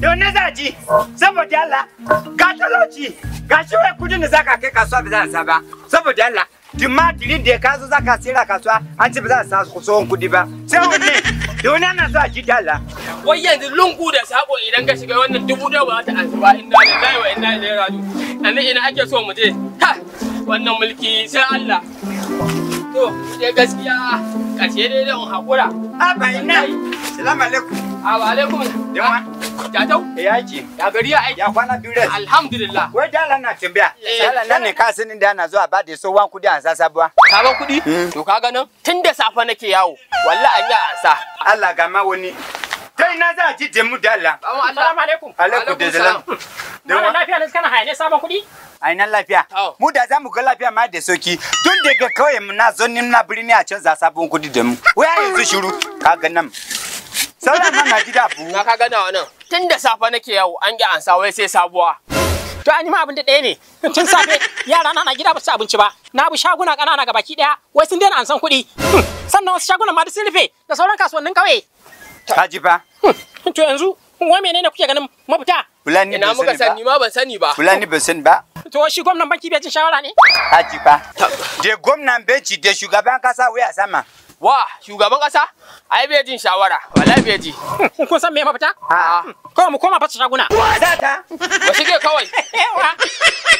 Yau na za ji, saboda Allah, ka talauci, ga shi wai kudin da za ka kai kasuwa ba za a sa ba, saboda Allah, timatirin da ya kaso za ka sera kasuwa an ce ba za a sa tsohon kudi ba. Sai wani, da wani ana so a ji da Allah. Wai yanzu lungu da sako idan ka shiga wannan dubu da ba ta asuba inda da zai wa inda da raju. Annan ina ake so mu je, ha, wannan mulki sai Allah. To, ya gaskiya ƙarshe dai da hakura. a ina, salamu alaikum. Aba alaikum. Yawa. Jajau? Ya ce. Eh, ya gari ya aiki. Ya kwana biyu rai. Alhamdulillah. Wai dalan na tambaya. Eh, dalan nan ne ka sanin da ana zuwa ba da so wan kudi an sa sabuwa. Ka ban kudi? Hmm. To ka ganin tun da safa nake yawo. Wallahi an yi ansa. Allah ga ma wani. Kai na za a ji jemu dala. Assalamu alaikum. Alaikum da salam. Mana lafiya ne kana hayane sabon kudi? ainihin lafiya. Mu da za mu ga lafiya ma da soki tun daga kawai mu na zo na birni a canza sabon kudi da mu. Wai yanzu shiru ka ga nan. na gida abu. Na ka gana wannan. Tun da safe nake yawo an ki ansa wai sai sabuwa. To an yi ma abin da ɗaya ne. Tun safe yara na na gida ba su abinci ba. Na bu shaguna ƙanana ga baki ɗaya wai sun daina ansan kuɗi. Sannan wasu shagunan ma sun rufe da sauran kasuwannin kawai. Ka ji ba. Hmm. To yanzu wai menene kuke ganin mafita? Fulani ban sani ba. Ina muka sani ma ban sani ba. Fulani ban sani ba. To shi gwamnan banki bai jin shawara ne? Haji ba. Je gwamnan banki da shugaban kasa waya sama. Wa, shugaban kasa? Ai bai jin shawara, wallahi bai ji. Kun san me mafita? A'a. Ah. Kawai mu koma fata shaguna. wa ta. Ba shige kawai.